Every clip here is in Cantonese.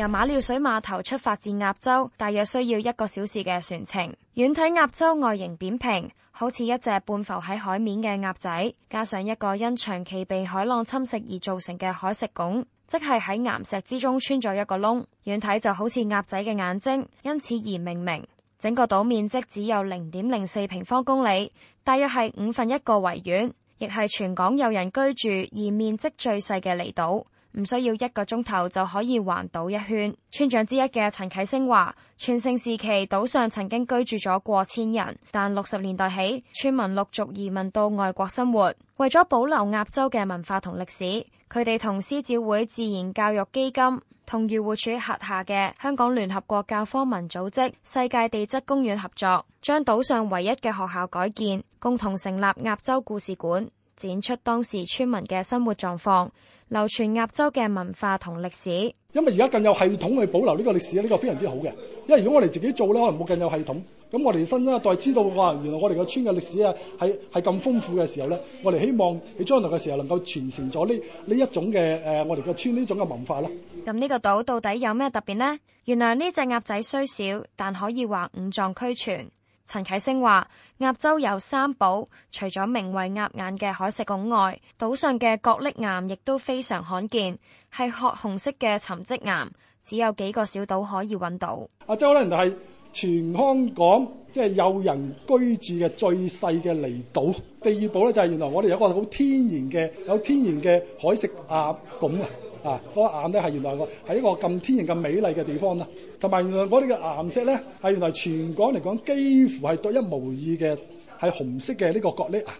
由馬料水碼頭出發至鴨洲，大約需要一個小時嘅船程。遠睇鴨洲外形扁平，好似一隻半浮喺海面嘅鴨仔，加上一個因長期被海浪侵蝕而造成嘅海蝕拱，即係喺岩石之中穿咗一個窿，遠睇就好似鴨仔嘅眼睛，因此而命名。整個島面積只有零點零四平方公里，大約係五分一個維園，亦係全港有人居住而面積最細嘅離島。唔需要一個鐘頭就可以環島一圈。村長之一嘅陳啟星話：全盛時期島上曾經居住咗過千人，但六十年代起，村民陸續移民到外國生活。為咗保留鴨洲嘅文化同歷史，佢哋同獅子會自然教育基金同漁護署轄下嘅香港聯合國教科文組織世界地質公園合作，將島上唯一嘅學校改建，共同成立鴨洲故事館。展出當時村民嘅生活狀況，流傳鴨洲嘅文化同歷史。因為而家更有系統去保留呢個歷史呢、呢個非常之好嘅。因為如果我哋自己做呢，可能冇更有系統。咁我哋新一代知道哇，原來我哋個村嘅歷史啊，係係咁豐富嘅時候呢，我哋希望喺將來嘅時候能夠傳承咗呢呢一種嘅誒，我哋個村呢種嘅文化啦。咁呢個島到底有咩特別呢？原來呢隻鴨仔雖小，但可以話五臟俱全。陳啟星話：鴨洲有三寶，除咗名為鴨眼嘅海蝕拱外，島上嘅角礫岩亦都非常罕見，係褐紅色嘅沉積岩，只有幾個小島可以揾到。鴨洲可能來係全香港即係有人居住嘅最細嘅離島。第二寶咧，就係原來我哋有個好天然嘅、有天然嘅海蝕鴨拱啊！啊，嗰個眼咧係原來個係一個咁天然咁美麗嘅地方啦，同埋原來我哋嘅岩石咧係原來全港嚟講幾乎係獨一無二嘅。係紅色嘅呢個角礫啊！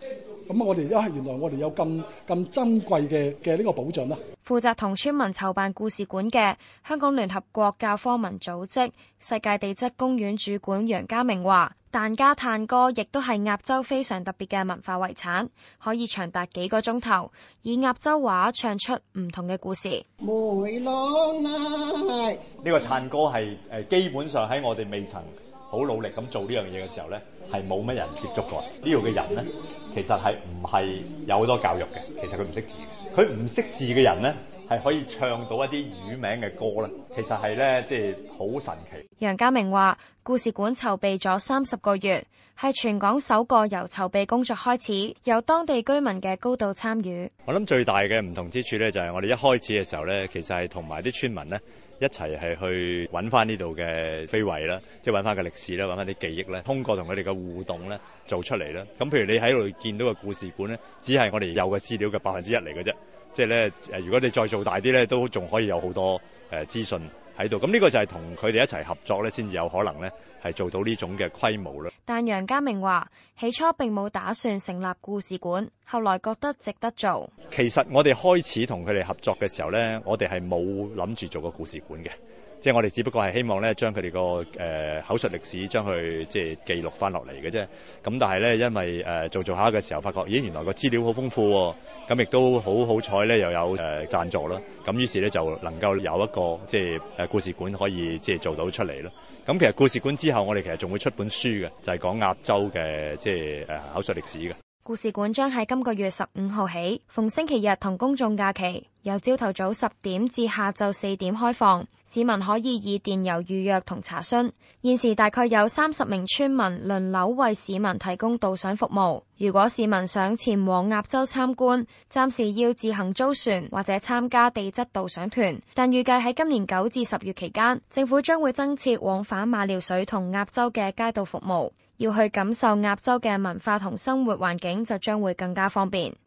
咁我哋一係原來我哋有咁咁珍貴嘅嘅呢個保障啊。負責同村民籌辦故事館嘅香港聯合國教科文組織世界地質公園主管楊家明話：蜑家嘆歌亦都係鴨洲非常特別嘅文化遺產，可以長達幾個鐘頭，以鴨洲話唱出唔同嘅故事。梅郎啊！呢個嘆歌係基本上喺我哋未曾。好努力咁做呢樣嘢嘅時候咧，係冇乜人接觸過呢度嘅人咧，其實係唔係有好多教育嘅，其實佢唔識字嘅，佢唔識字嘅人咧。係可以唱到一啲乳名嘅歌咧，其實係咧，即係好神奇。楊家明話，故事館籌備咗三十個月，係全港首個由籌備工作開始，由當地居民嘅高度參與。我諗最大嘅唔同之處咧，就係我哋一開始嘅時候咧，其實係同埋啲村民咧一齊係去揾翻呢度嘅非遺啦，即係揾翻個歷史啦，揾翻啲記憶咧，通過同佢哋嘅互動咧做出嚟啦。咁譬如你喺度見到嘅故事館咧，只係我哋有嘅資料嘅百分之一嚟嘅啫。即係咧，如果你再做大啲咧，都仲可以有好多誒資訊喺度。咁呢個就係同佢哋一齊合作咧，先至有可能咧係做到呢種嘅規模啦。但楊家明話，起初並冇打算成立故事館。後來覺得值得做。其實我哋開始同佢哋合作嘅時候咧，我哋係冇諗住做個故事館嘅，即係我哋只不過係希望咧將佢哋個誒口述歷史將佢即係記錄翻落嚟嘅啫。咁但係咧，因為誒做做下嘅時候，發覺咦原來個資料好豐富喎，咁亦都好好彩咧又有誒贊助啦。咁於是咧就能夠有一個即係誒故事館可以即係做到出嚟囉。咁其實故事館之後，我哋其實仲會出本書嘅，就係講鴨洲嘅即係誒口述歷史嘅。故事館將喺今個月十五號起，逢星期日同公眾假期，由朝頭早十點至下晝四點開放。市民可以以電郵預約同查詢。現時大概有三十名村民輪流為市民提供導賞服務。如果市民想前往鴨洲參觀，暫時要自行租船或者參加地質導賞團。但預計喺今年九至十月期間，政府將會增設往返馬料水同鴨洲嘅街道服務。要去感受鴨洲嘅文化同生活環境，就將會更加方便。